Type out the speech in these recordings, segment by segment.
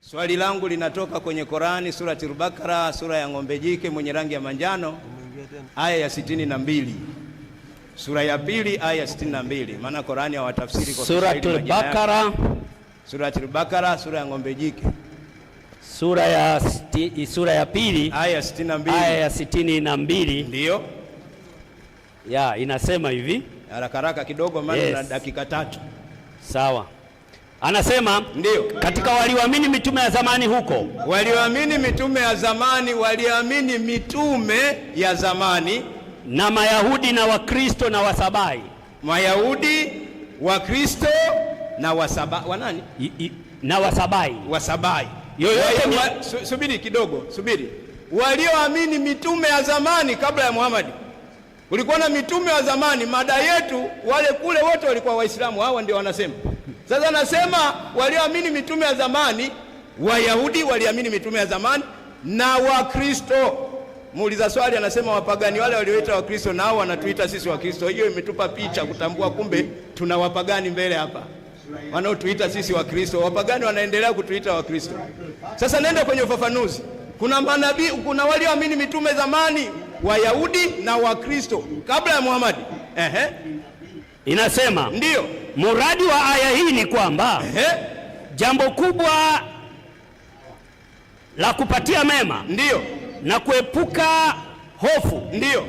Swali langu linatoka kwenye Korani surati Al-Baqara, sura ya ng'ombe jike mwenye rangi ya manjano, aya ya sitini na mbili sura ya pili aya ya sitini na mbili maana Korani hawatafsiri kwa Suratul Bakara, Suratul Bakara, sura ya ng'ombe jike, sura ya sti, sura ya pili aya ya sitini na mbili aya ya sitini na mbili ndiyo ya inasema hivi, haraka haraka kidogo, maana yes, na dakika tatu. Sawa. Anasema ndio, katika walioamini mitume ya zamani huko, walioamini mitume ya zamani, waliamini mitume ya zamani na Mayahudi na Wakristo na Wasabai, Mayahudi Wakristo na Wasaba, nani? I, I, na Wasabai, Wasabai yoyote mi... wa, subiri kidogo, subiri. Walioamini mitume ya zamani kabla ya Muhammad, kulikuwa na mitume wa zamani. Mada yetu wale kule wote walikuwa Waislamu, hawa ndio wanasema sasa nasema walioamini mitume ya zamani, Wayahudi waliamini mitume ya zamani na Wakristo. Muuliza swali anasema wapagani wale walioita Wakristo nao wanatuita sisi Wakristo. Hiyo imetupa picha kutambua kumbe tuna wapagani mbele hapa wanaotuita sisi Wakristo, wapagani wanaendelea kutuita Wakristo. Sasa nenda kwenye ufafanuzi. Kuna manabii, kuna walioamini mitume zamani, Wayahudi na Wakristo kabla ya Muhammad. Ehe. Inasema ndiyo, muradi wa aya hii ni kwamba ehe, jambo kubwa la kupatia mema ndiyo, na kuepuka hofu ndiyo,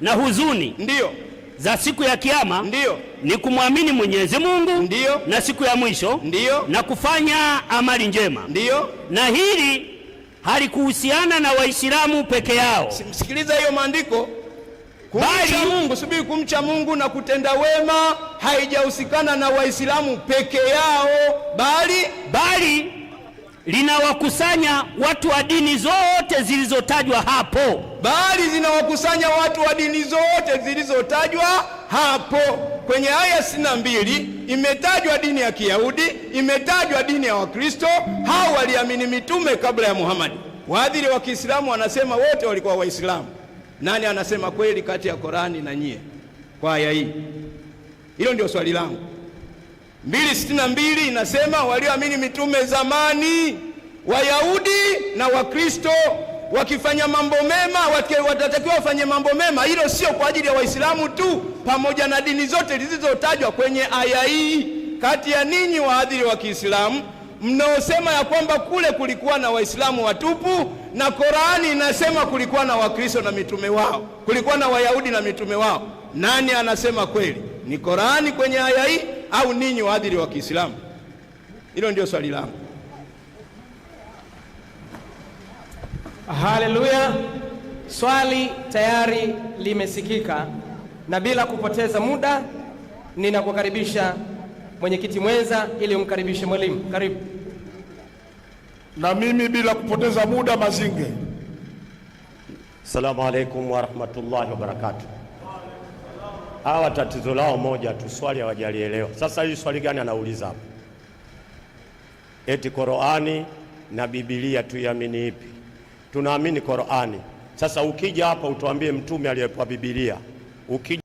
na huzuni ndiyo za siku ya kiyama ndio ni kumwamini Mwenyezi Mungu ndio na siku ya mwisho ndio na kufanya amali njema ndio Na hili halikuhusiana na Waislamu peke yao. Simsikiliza hiyo maandiko kumcha Mungu, subiri, kumcha Mungu na kutenda wema haijahusikana na Waislamu peke yao, bali bali linawakusanya watu wa dini zote zilizotajwa hapo, bali zinawakusanya watu wa dini zote zilizotajwa hapo. Kwenye aya sitini na mbili imetajwa dini ya Kiyahudi, imetajwa dini ya Wakristo. Hao waliamini mitume kabla ya Muhammad. Waadhiri wa Kiislamu wanasema wote walikuwa Waislamu. Nani anasema kweli kati ya Korani na nyie kwa aya hii? Hilo ndio swali langu. mbili sitini na mbili inasema walioamini mitume zamani, Wayahudi na Wakristo wakifanya mambo mema watatakiwa wafanye mambo mema. Hilo sio kwa ajili ya Waislamu tu, pamoja na dini zote zilizotajwa kwenye aya hii. Kati ya ninyi waadhiri wa Kiislamu mnaosema ya kwamba kule kulikuwa na Waislamu watupu na Korani inasema kulikuwa na Wakristo na mitume wao, kulikuwa na Wayahudi na mitume wao. Nani anasema kweli? Ni Korani kwenye aya hii au ninyi waadhiri wa Kiislamu? Hilo ndio swali langu. Haleluya! Swali tayari limesikika, na bila kupoteza muda ninakukaribisha mwenyekiti mwenza ili umkaribishe mwalimu. Karibu. Na mimi bila kupoteza muda Mazinge. wa rahmatullahi warahmatullahi barakatuh. Hawa tatizo lao moja tu, swali hawajalielewa. Sasa hii swali gani anauliza hapa? Eti Qur'ani na Biblia tuiamini ipi? Tunaamini Qur'ani. Sasa ukija hapa utuambie mtume aliyepewa Biblia ukija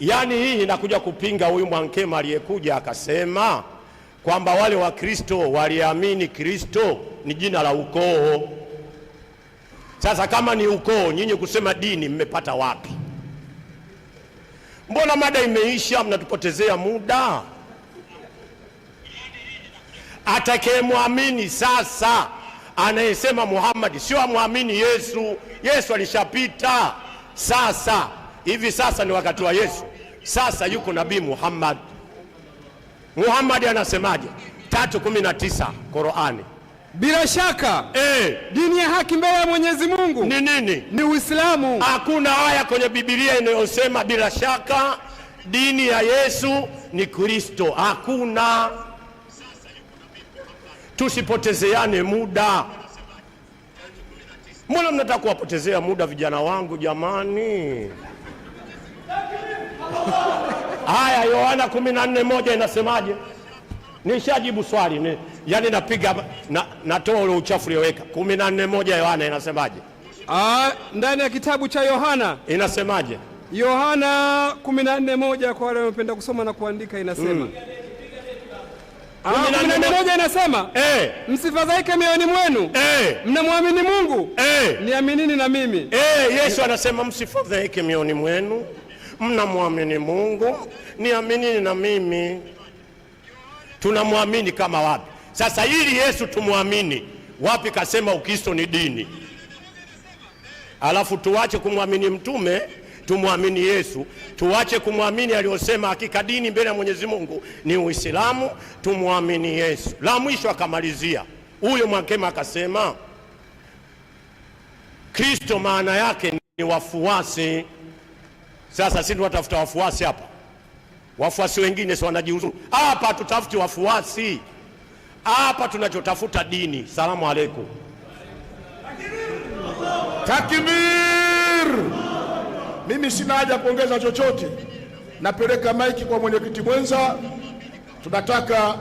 Yaani hii inakuja kupinga huyu Mwankema aliyekuja akasema kwamba wale Wakristo waliamini Kristo ni jina la ukoo. Sasa kama ni ukoo, nyinyi kusema dini mmepata wapi? Mbona mada imeisha, mnatupotezea muda. Atakayemwamini sasa, anayesema Muhammad sio amwamini Yesu. Yesu alishapita sasa Hivi sasa ni wakati wa Yesu. Sasa yuko Nabii Muhammad. Muhammad anasemaje? 3:19 Qur'ani. Bila shaka e, dini ya haki mbele ya Mwenyezi Mungu ni nini? Ni Uislamu. Hakuna aya kwenye Biblia inayosema bila shaka dini ya Yesu ni Kristo. Hakuna. Tusipotezeane muda. Mbona mnataka kuwapotezea muda vijana wangu jamani? Haya, Yohana 14:1 na moja inasemaje? Nishajibu swali ni, yani napiga na, natoa ule uchafu ulioweka. kumi na moja Yohana inasemaje? Ah, ndani ya kitabu cha Yohana inasemaje? Yohana 14:1 kwa wale wanaopenda kusoma na kuandika inasema mm. Ah, moja inasema eh, msifadhaike mioyoni mwenu eh, mnamwamini Mungu eh, niaminini na mimi eh, Yesu anasema msifadhaike mioyoni mwenu mnamwamini Mungu, niaminini na mimi. Tunamwamini kama wapi? Sasa ili Yesu tumwamini wapi? Kasema Ukristo ni dini, alafu tuwache kumwamini mtume tumwamini Yesu, tuache kumwamini aliyosema hakika dini mbele ya Mwenyezi Mungu ni Uislamu, tumwamini Yesu. La mwisho akamalizia huyo Mwakema akasema Kristo maana yake ni wafuasi. Sasa sisi tunatafuta wafuasi hapa, wafuasi wengine si wanajiuzuru hapa. Tutafuti wafuasi hapa, tunachotafuta dini. Salamu alaikum, takbir. Mimi sina haja kuongeza chochote, napeleka maiki kwa mwenyekiti mwenza. Tunataka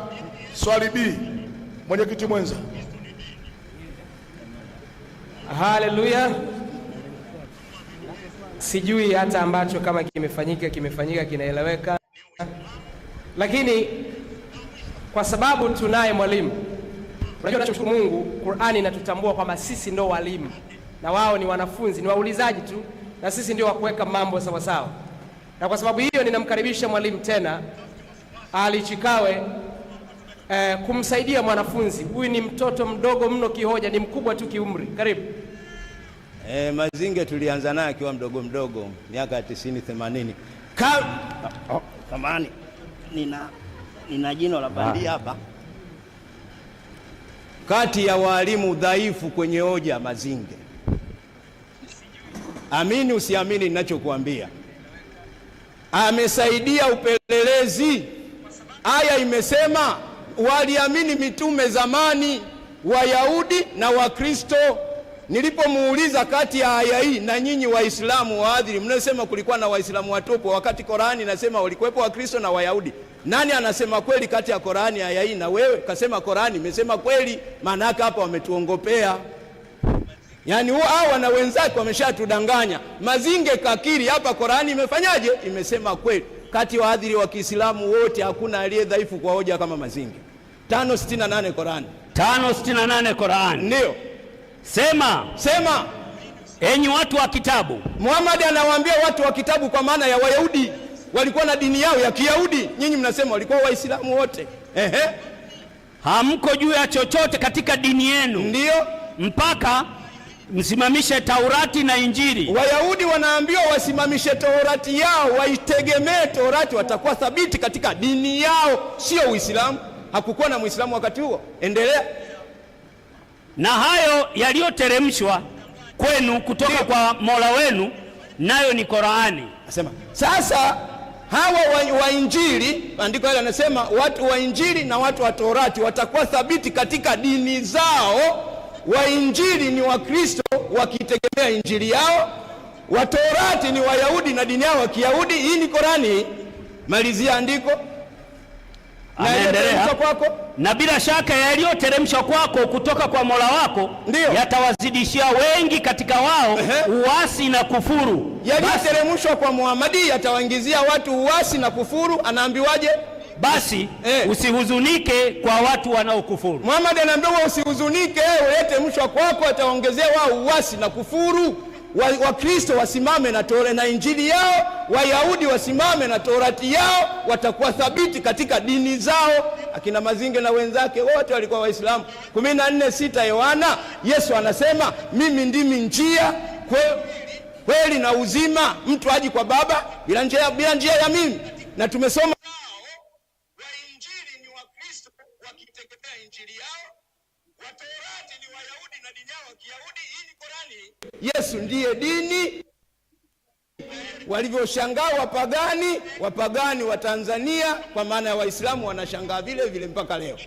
swali B. Mwenyekiti mwenza, haleluya sijui hata ambacho kama kimefanyika kimefanyika kinaeleweka, lakini kwa sababu tunaye mwalimu, unajua, tunashukuru Mungu, Qur'ani inatutambua kwamba sisi ndio walimu na wao ni wanafunzi, ni waulizaji tu, na sisi ndio wakuweka mambo sawa sawa. Na kwa sababu hiyo ninamkaribisha mwalimu tena Ali Chikawe eh, kumsaidia mwanafunzi huyu. Ni mtoto mdogo mno kihoja, ni mkubwa tu kiumri. Karibu. E, Mazinge tulianza naye akiwa mdogo mdogo miaka ya 90 80. Kamani nina, nina jino la bandia ah. hapa. Kati ya walimu dhaifu kwenye hoja Mazinge, amini usiamini ninachokuambia, amesaidia upelelezi. Aya imesema waliamini mitume zamani, Wayahudi na Wakristo Nilipomuuliza kati ya aya hii na nyinyi Waislamu waadhiri mnasema kulikuwa na Waislamu watupu, wakati Korani inasema walikuwepo Wakristo na Wayahudi, nani anasema kweli kati ya Korani aya hii na wewe? Kasema Korani imesema kweli. Maana yake hapa wametuongopea, yaani hawa na wenzake wameshatudanganya. Mazinge kakiri hapa, Korani imefanyaje? Imesema kweli. Kati waadhiri wa Kiislamu wote hakuna aliye dhaifu kwa hoja kama Mazinge. 568 Qurani. 568 Qurani. ndio Sema, sema enyi watu wa kitabu. Muhammad anawaambia watu wa kitabu, kwa maana ya Wayahudi walikuwa na dini yao ya Kiyahudi, nyinyi mnasema walikuwa Waislamu wote. Ehe, hamko juu ya chochote katika dini yenu, ndio mpaka msimamishe Taurati na Injili. Wayahudi wanaambiwa wasimamishe Taurati yao, waitegemee Taurati, watakuwa thabiti katika dini yao, sio Uislamu. Hakukuwa na Muislamu wakati huo. Endelea na hayo yaliyoteremshwa kwenu kutoka kwa Mola wenu nayo ni Qur'ani. Anasema sasa hawa wa, wa Injili, andiko hili anasema watu wa Injili na watu wa Torati watakuwa thabiti katika dini zao. Wa Injili ni Wakristo wakitegemea Injili yao, wa Torati ni Wayahudi na dini yao ya Kiyahudi. Hii ni Qur'ani. Malizia andiko anaendelea kwako, na bila shaka yaliyoteremshwa kwako kutoka kwa Mola wako yatawazidishia wengi katika wao uasi na kufuru. Yaliyoteremshwa kwa Muhamadi yatawaingizia watu uasi na kufuru. Anaambiwaje? Basi eh, usihuzunike kwa watu wanaokufuru. Muhamadi anaambiwa usihuzunike, yaliyoteremshwa kwako ataongezea wao uasi na kufuru. Wakristo wa wasimame na tore na injili yao, Wayahudi wasimame na torati yao, watakuwa thabiti katika dini zao. Akina Mazinge na wenzake wote walikuwa Waislamu. kumi na nne sita Yohana, Yesu anasema mimi ndimi njia, kweli na uzima, mtu aji kwa Baba bila njia, bila njia ya mimi, na tumesoma walivyoshangaa wapagani, wapagani wa Tanzania kwa maana ya Waislamu wanashangaa vile vile mpaka leo,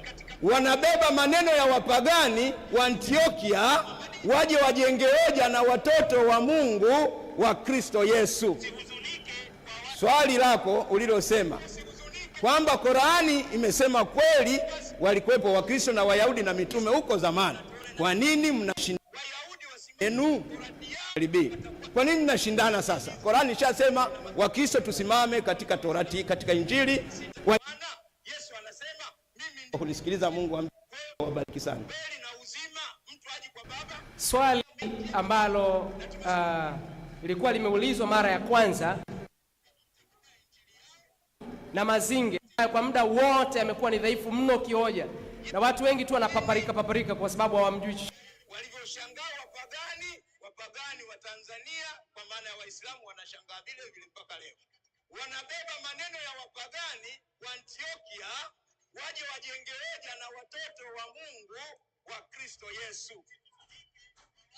wanabeba maneno ya wapagani wa Antiokia waje wajenge hoja na watoto wa Mungu wa Kristo Yesu. Swali lako ulilosema kwamba Korani imesema kweli, walikuwepo Wakristo na Wayahudi na mitume huko zamani, kwa nini mnashindana? Kwa nini nashindana sasa? Korani ishasema Wakristo tusimame katika Torati, katika Injili. Kwa maana Yesu anasema mimi ni kunisikiliza Mungu awabariki sana. Swali ambalo ah, lilikuwa uh, limeulizwa mara ya kwanza na Mazinge kwa muda wote amekuwa ni dhaifu mno kioja, na watu wengi tu wanapaparika paparika kwa sababu hawamjui walivyoshangaa kwa gani wapagani wa Tanzania kwa maana ya Waislamu wanashangaa vile vile mpaka leo, wanabeba maneno ya wapagani wa Antiokia waje wajenge na watoto wa Mungu wa Kristo Yesu.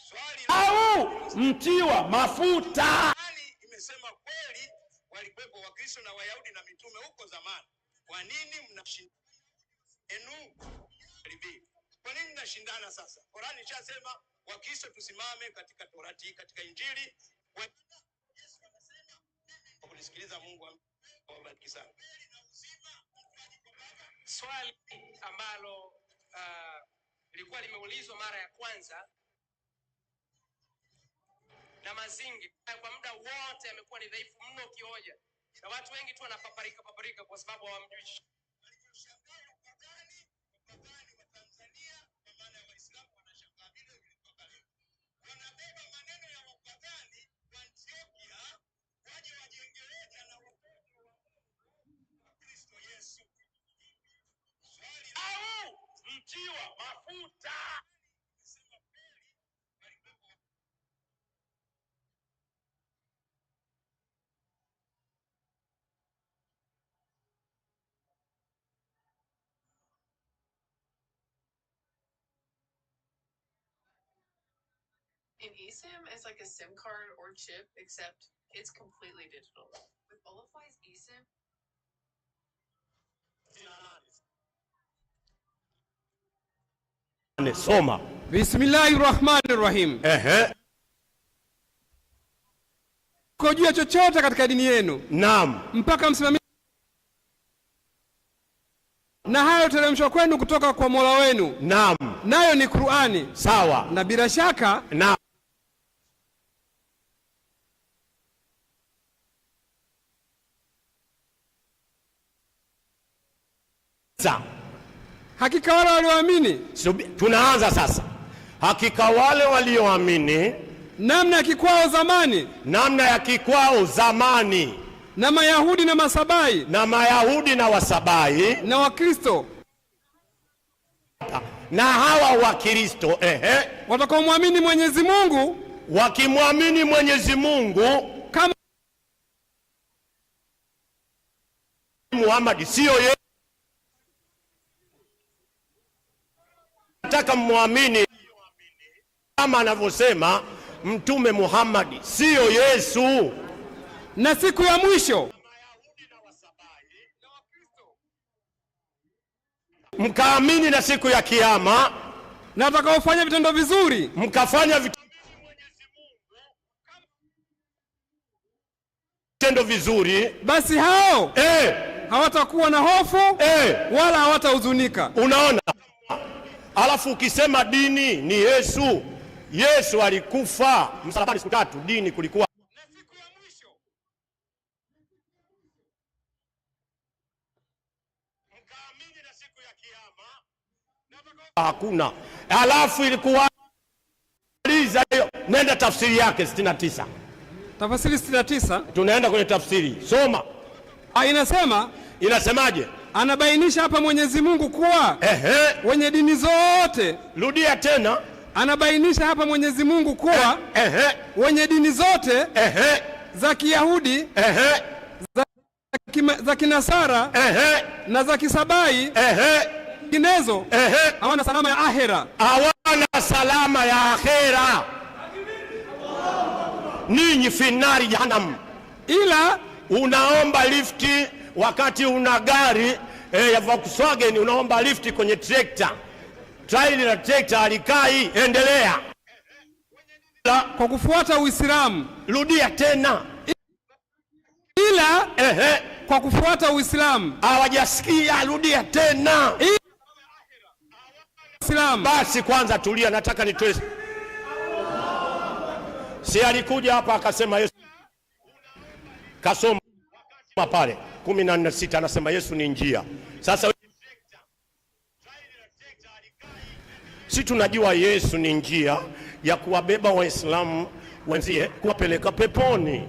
Swali au mtiwa mafuta yaani imesema kweli, walikuwepo Wakristo na Wayahudi na mitume huko zamani. Kwa nini mnashindana? Kwa nini mnashindana sasa? Korani ishasema kwa kisha tusimame katika Torati, katika Injili kwa kunisikiliza, Mungu awabariki sana. Swali ambalo uh, lilikuwa limeulizwa mara ya kwanza na Mazingi kwa muda wote amekuwa ni dhaifu mno kioja, na watu wengi tu wanapaparika paparika kwa sababu hawamjui kutiwa mafuta. An eSIM is like a SIM card or chip, except it's completely digital. With Olafly's eSIM, yeah. Soma. Bismillahi rahmani rahim. Ehe. Ko juu ya chochote katika dini yenu. Naam. Mpaka msimamie na hayo teremshwa kwenu kutoka kwa Mola wenu. Naam. Nayo ni Qur'ani. Sawa. Na bila shaka. Naam. Sawa. Hakika wale walioamini. Tunaanza sasa. Hakika wale walioamini, namna ya kikwao zamani, namna ya kikwao zamani, na Mayahudi na Masabai, na Mayahudi na Wasabai, na Wakristo na hawa Wakristo ehe, watakaomwamini Mwenyezi Mungu, wakimwamini Mwenyezi Mungu kama Muhammad, siyo yeye nataka mmwamini kama anavyosema Mtume Muhammadi, siyo Yesu. Na siku ya mwisho mkaamini, na siku ya Kiyama na atakaofanya vitendo vizuri mkafanya vitendo vizuri, basi hao eh, hawatakuwa na hofu eh, wala hawatahuzunika. Unaona. Alafu ukisema dini ni Yesu, Yesu alikufa msalabani siku tatu, dini kulikuwa hakuna. Alafu ilikuwa aliza hiyo, nenda tafsiri yake 69 tafsiri 69, tunaenda kwenye tafsiri, soma. Ah, inasema inasemaje? Anabainisha hapa Mwenyezi Mungu kuwa ehe, wenye dini zote. Rudia tena. Anabainisha hapa Mwenyezi Mungu kuwa eh, ehe, wenye dini zote ehe, za Kiyahudi ehe, za, za Kinasara ehe, na za Kisabai ehe, ginezo ehe, hawana salama ya ahera, hawana salama ya ahera, ninyi finari jahannam, ila unaomba lifti wakati una gari eh, ya Volkswagen unaomba lift kwenye trekta, trail la trekta alikai. Endelea kwa kufuata Uislamu, rudia tena ila ehe, kwa kufuata Uislamu hawajasikia, rudia tena Uislamu. Basi kwanza tulia, nataka nitoe. Si alikuja hapa akasema Yesu kasoma pale kumi na sita anasema Yesu ni njia. Sasa si tunajua Yesu ni njia ya kuwabeba Waislamu wenzie kuwapeleka peponi.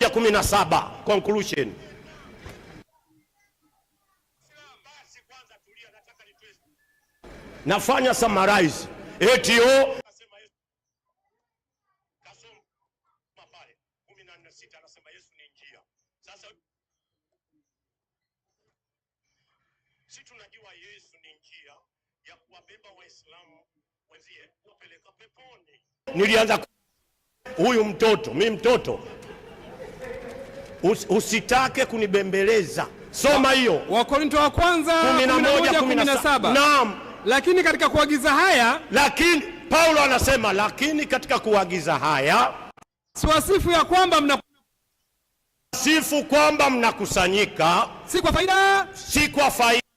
ya kumi na saba conclusion nafanya summarize etio Ujaji wa Yesu ni njia ya kuwabeba Waislamu wenzie kupeleka peponi. Nilianza huyu mtoto mi mtoto Us, usitake kunibembeleza. Soma hiyo Wakorinto wa kwanza 11:17. Naam, lakini katika kuagiza haya, lakini Paulo anasema lakini katika kuagiza haya siwasifu ya kwamba mna sifu kwamba mnakusanyika si kwa faida si kwa faida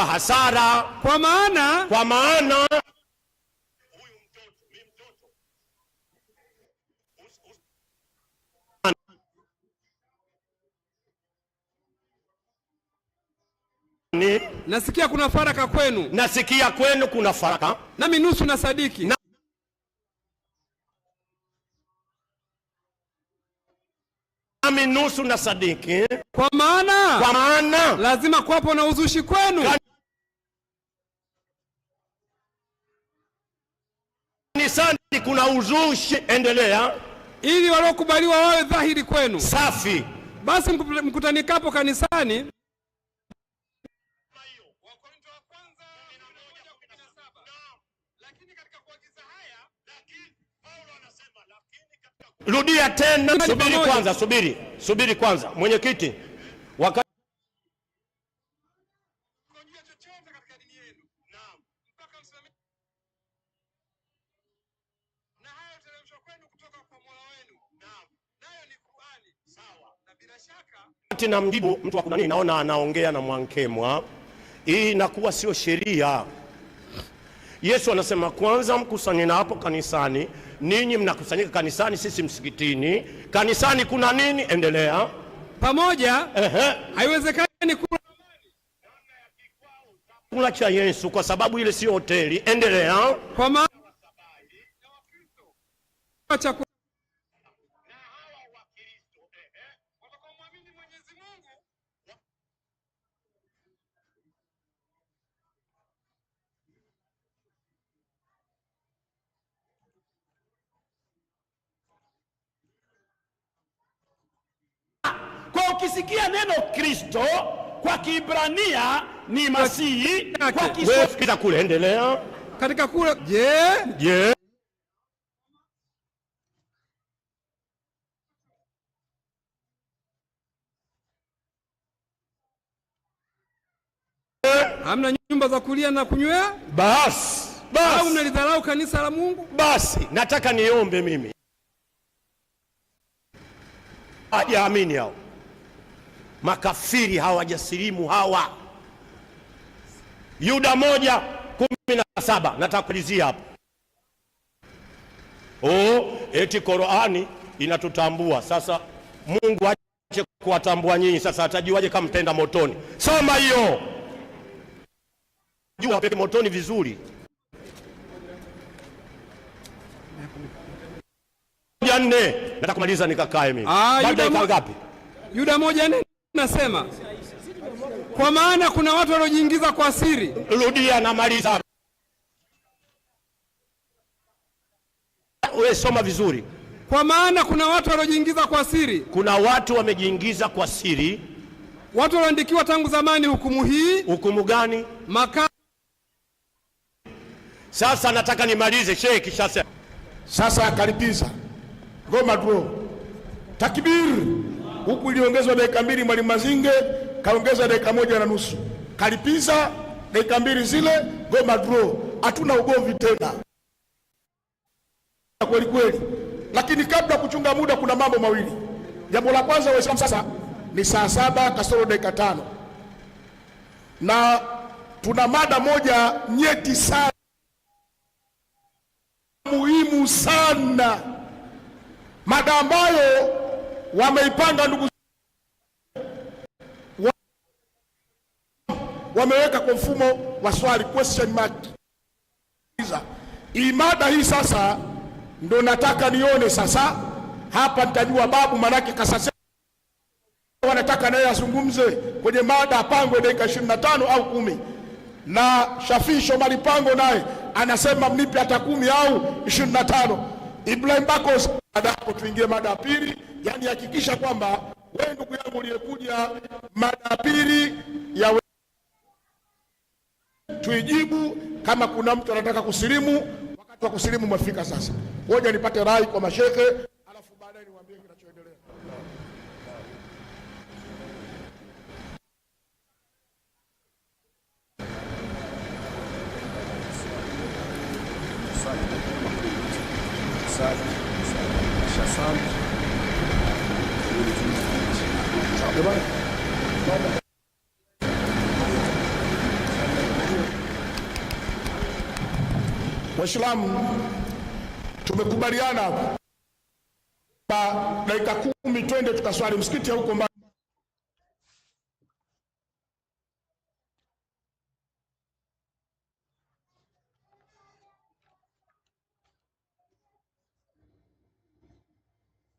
kwa hasara, kwa maana kwa maana Ni? Nasikia kuna faraka kwenu, nasikia kwenu kuna faraka, nami nusu na sadiki na... nami nusu na sadiki, kwa maana kwa maana lazima kuwapo na uzushi kwenu Kani... kanisani kuna uzushi, endelea, ili waliokubaliwa wawe dhahiri kwenu. Safi. Basi mkutanikapo kanisani Rudia tena, subiri kwanza, subiri, subiri kwanza mwenyekiti, wakati wakati mjibu mtu wa kunani, naona anaongea na Mwankemwa, hii inakuwa sio sheria. Yesu anasema kwanza mkusanye na hapo kanisani, ninyi mnakusanyika kanisani, sisi msikitini. Kanisani kuna nini? Endelea pamoja. Ehe, haiwezekani kula kula cha Yesu kwa sababu ile sio hoteli. Endelea kwa maana ukisikia neno Kristo kwa Kiibrania ni Masihi, kwa Kiswahili kule endelea katika kule je yeah. je yeah. hamna nyumba za kulia na kunywea, basi basi, au mnalidharau kanisa la Mungu. Basi nataka niombe mimi, hajaamini hao makafiri hawajasilimu hawa. Yuda moja kumi na saba nataka kulizia hapo. Oh, eti Qur'ani inatutambua sasa. Mungu ache kuwatambua nyinyi sasa, atajuaje kama mtaenda motoni? Soma hiyo jua motoni vizuri. Moja nne nataka kumaliza nikakae mimi. Ah, Baada ya Yuda moja nne Nasema kwa maana kuna watu waliojiingiza kwa siri. Rudia na maliza, wewe soma vizuri. Kwa maana kuna watu waliojiingiza kwa siri, kuna watu wamejiingiza kwa siri, watu walioandikiwa tangu zamani hukumu hii. Hukumu gani? Maka. Sasa nataka nimalize shehe, kisha sasa akalipiza ngoma draw takbiri huku iliongezwa dakika mbili. Mwalimu Mazinge kaongeza dakika moja na nusu, kalipiza dakika mbili zile, goma draw. Hatuna ugomvi tena kweli kweli, lakini kabla kuchunga muda, kuna mambo mawili. Jambo la kwanza, Waislamu, sasa ni saa saba kasoro dakika tano na tuna mada moja nyeti sana muhimu sana, mada ambayo wameipanga ndugu, wameweka kwa mfumo wa swali question mark. Imada hii sasa ndo nataka nione sasa, hapa nitajua babu, manake kasasa wanataka naye azungumze kwenye mada, apangwe dakika 25 au kumi, na Shafii Shomari Pango naye anasema mnipe hata kumi au 25. Ibrahim Bakos, baada hapo tuingie mada ya pili yani hakikisha kwamba wewe ndugu yangu uliyekuja mara ya pili ya tuijibu. Kama kuna mtu anataka kusilimu, wakati wa kusilimu umefika. Sasa ngoja nipate rai kwa mashehe, alafu baadaye niwaambie kinachoendelea. Sasa Waislamu tumekubaliana kwa dakika kumi twende tukaswali msikiti huko mbali.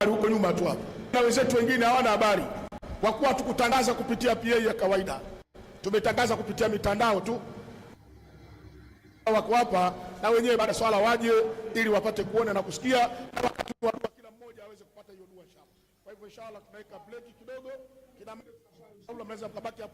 huko nyuma tu hapo, na wenzetu wengine hawana habari kwa kuwa tukutangaza kupitia PA ya kawaida, tumetangaza kupitia mitandao tu. Wako hapa na wenyewe baada swala waje ili wapate kuona na kusikia, na wakati wa dua kila mmoja aweze kupata hiyo dua inshallah. Kwa hivyo inshallah tunaweka break kidogo, kina mnaweza kubaki hapo.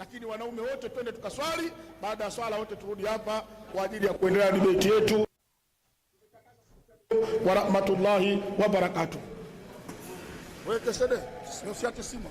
lakini wanaume wote twende tukaswali, baada ya swala wote turudi hapa kwa ajili ya kuendelea debate yetu. wa rahmatullahi wa barakatuh. Weke sede, usiache sima.